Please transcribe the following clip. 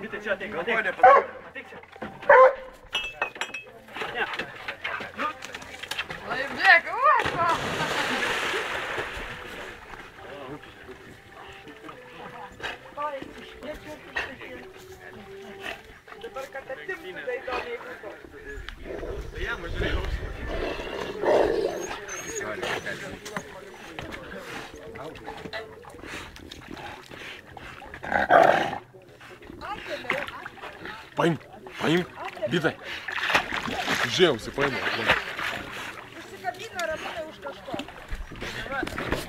Mitte čia ateik, Paim, paim, bitai. Žiausi, paim. Užsikabino ramūnai už kažko.